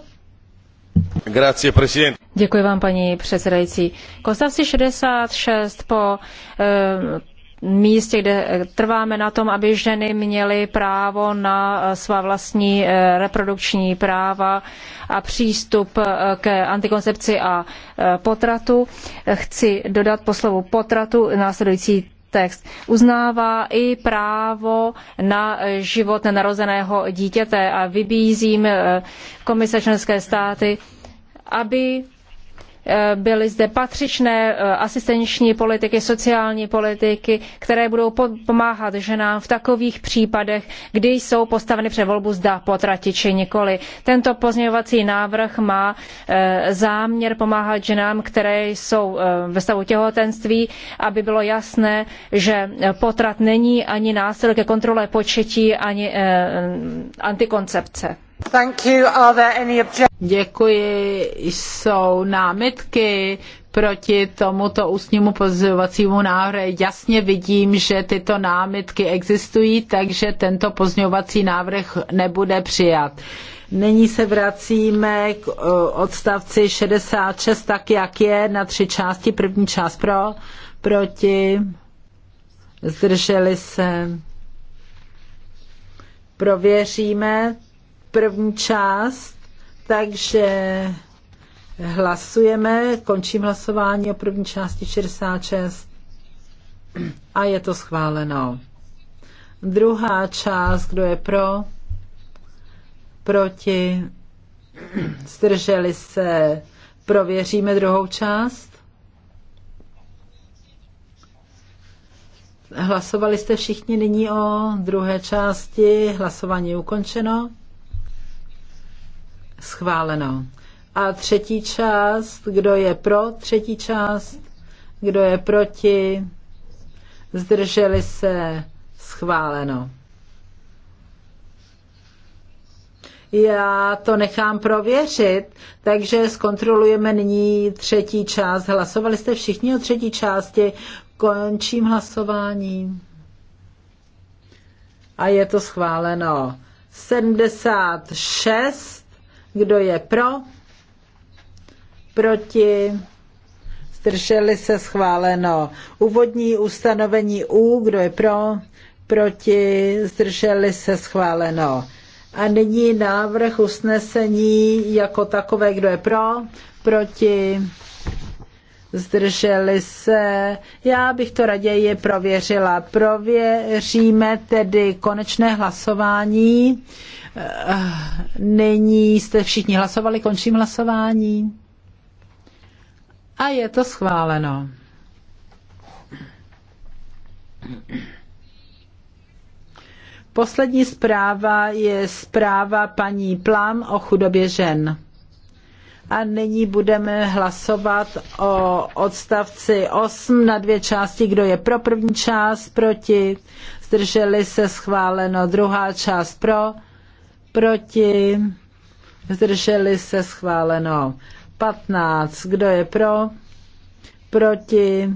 Speaker 1: Grazie, prezident. Děkuji vám, paní předsedající. Konstanci 66 po eh, místě, kde eh, trváme na tom, aby ženy měly právo na eh, svá vlastní eh, reprodukční práva a přístup k antikoncepci a potratu. Chci dodat po slovu potratu následující text. Uznává i právo na život nenarozeného dítěte a vybízím komise členské státy, aby Eh, byly zde patřičné eh, asistenční politiky, sociální politiky, které budou pomáhat ženám v takových případech, kdy jsou postaveny před volbu zda potratit či nikoli. Tento pozměňovací návrh má eh, záměr pomáhat ženám, které jsou ve stavu těhotenství, aby bylo jasné, že potrat není ani nástroj ke kontrole početí, ani antikoncepce.
Speaker 3: Děkuji. Jsou námitky proti tomuto ústnímu pozměňovacímu návrhu. Jasně vidím, že tyto námitky existují, takže tento pozměňovací návrh nebude přijat. Nyní se vracíme k eh, odstavci 66, tak jak je, na tři části. První část pro, proti, zdrželi se. Prověříme první část, takže hlasujeme, končím hlasování o první části 66 a je to schváleno. Druhá část, kdo je pro, proti, zdrželi se, prověříme druhou část. Hlasovali jste všichni nyní o druhé části, hlasování je ukončeno. Schváleno. A třetí část, kdo je pro třetí část, kdo je proti, zdrželi se, schváleno. Já to nechám prověřit, takže zkontrolujeme nyní třetí část. Hlasovali jste všichni o třetí části, končím hlasování. A je to schváleno. 76 kdo je pro? Proti? Zdrželi se schváleno. Úvodní ustanovení U. Kdo je pro? Proti? Zdrželi se schváleno. A nyní návrh usnesení jako takové. Kdo je pro? Proti? zdrželi se. Já bych to raději prověřila. Prověříme tedy konečné hlasování. Eh, nyní jste všichni hlasovali, končím hlasování. A je to schváleno. Poslední zpráva je zpráva paní Plam o chudobě žen a nyní budeme hlasovat o odstavci 8 na dvě části, kdo je pro první část, proti, zdrželi se schváleno, druhá část pro, proti, zdrželi se schváleno, 15, kdo je pro, proti,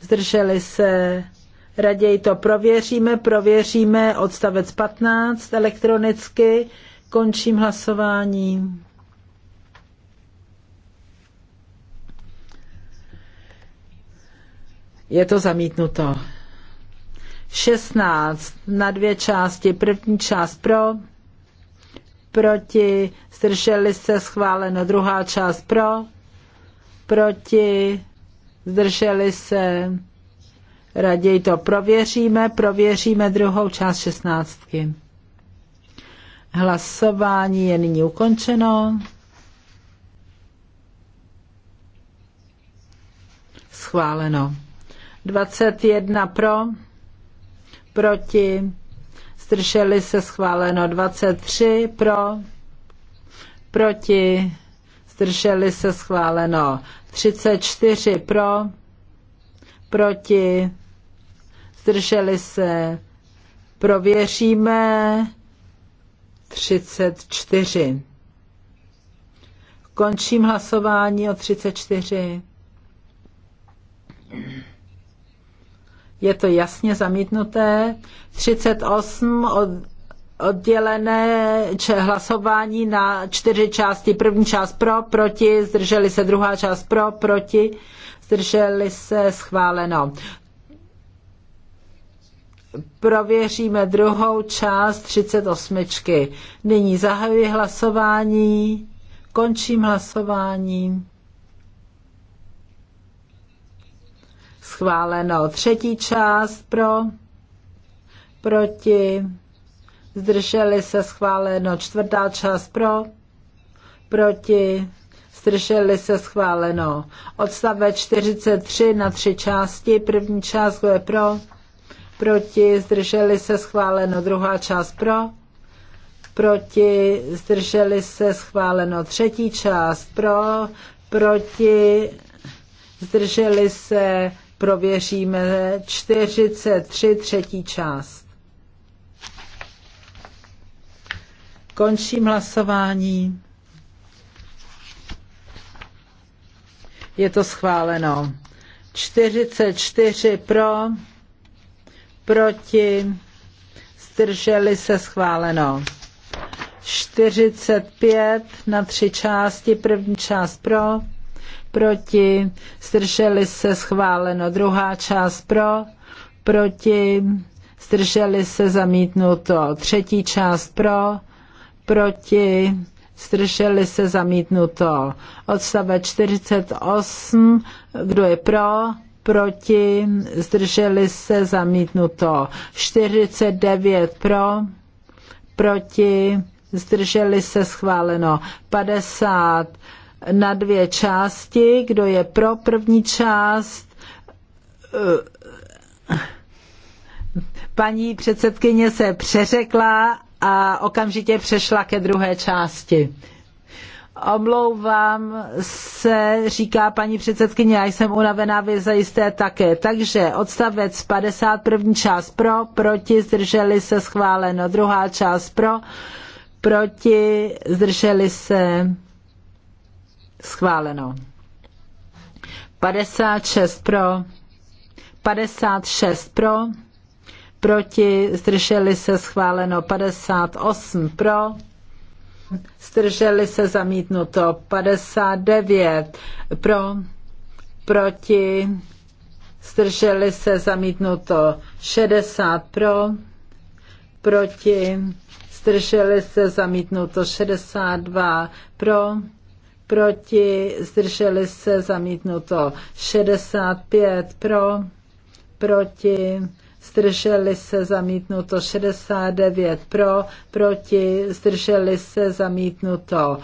Speaker 3: zdrželi se, raději to prověříme, prověříme odstavec 15 elektronicky, končím hlasování. Je to zamítnuto. 16 na dvě části. První část pro, proti, zdrželi se schváleno. Druhá část pro, proti, zdrželi se. Raději to prověříme, prověříme druhou část šestnáctky. Hlasování je nyní ukončeno. Schváleno. 21 pro, proti, zdrželi se schváleno 23 pro, proti, zdrželi se schváleno 34 pro, proti, zdrželi se, prověříme 34. Končím hlasování o 34 je to jasně zamítnuté. 38 od, oddělené hlasování na čtyři části. První část pro, proti, zdrželi se druhá část pro, proti, zdrželi se schváleno. Prověříme druhou část 38. Nyní zahajuji hlasování, končím hlasování. schváleno. Třetí část pro, proti, zdrželi se schváleno. Čtvrtá část pro, proti, zdrželi se schváleno. odstave 43 na tři části. První část, je pro, proti, zdrželi se schváleno. Druhá část pro, proti, zdrželi se schváleno. Třetí část pro, proti, zdrželi se Prověříme 43 třetí část. Končím hlasování. Je to schváleno. 44 pro, proti, zdrželi se schváleno. 45 na tři části, první část pro, proti, zdrželi se schváleno. Druhá část pro, proti, zdrželi se zamítnuto. Třetí část pro, proti, zdrželi se zamítnuto. Odstavec 48, kdo je pro, proti, zdrželi se zamítnuto. 49 pro, proti, zdrželi se schváleno. 50 na dvě části. Kdo je pro první část? Paní předsedkyně se přeřekla a okamžitě přešla ke druhé části. Omlouvám se, říká paní předsedkyně, já jsem unavená, vy zajisté také. Takže odstavec 51. část pro, proti, zdrželi se schváleno. Druhá část pro, proti, zdrželi se Schváleno. 56 pro. 56 pro. Proti. Zdrželi se. Schváleno. 58 pro. Zdrželi se. Zamítnuto. 59 pro. Proti. Zdrželi se. Zamítnuto. 60 pro. Proti zdrželi se zamítnuto 62 pro, proti, zdrželi se, zamítnuto 65 pro, proti, zdrželi se, zamítnuto 69 pro, proti, zdrželi se, zamítnuto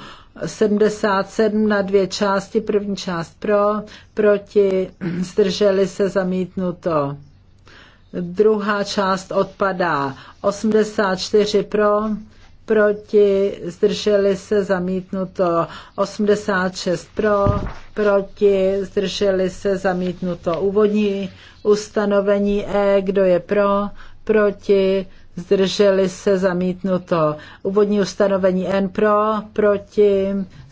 Speaker 3: 77 na dvě části, první část pro, proti, zdrželi se, zamítnuto. Druhá část odpadá 84 pro, proti, zdrželi se zamítnuto 86 pro, proti, zdrželi se zamítnuto úvodní ustanovení E, kdo je pro, proti, zdrželi se zamítnuto úvodní ustanovení N pro, proti,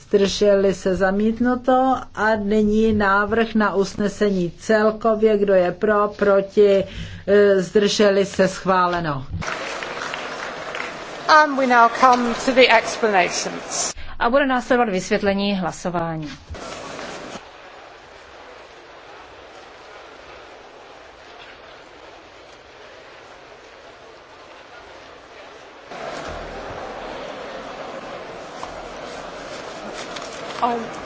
Speaker 3: zdrželi se zamítnuto a nyní návrh na usnesení celkově, kdo je pro, proti, e, zdrželi se schváleno. And we now come to
Speaker 1: the explanations. A bude následovat vysvětlení hlasování.
Speaker 3: I'm oh.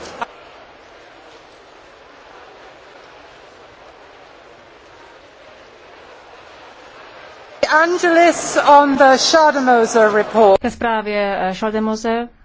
Speaker 3: Angelis on the report. zprávě
Speaker 1: eh,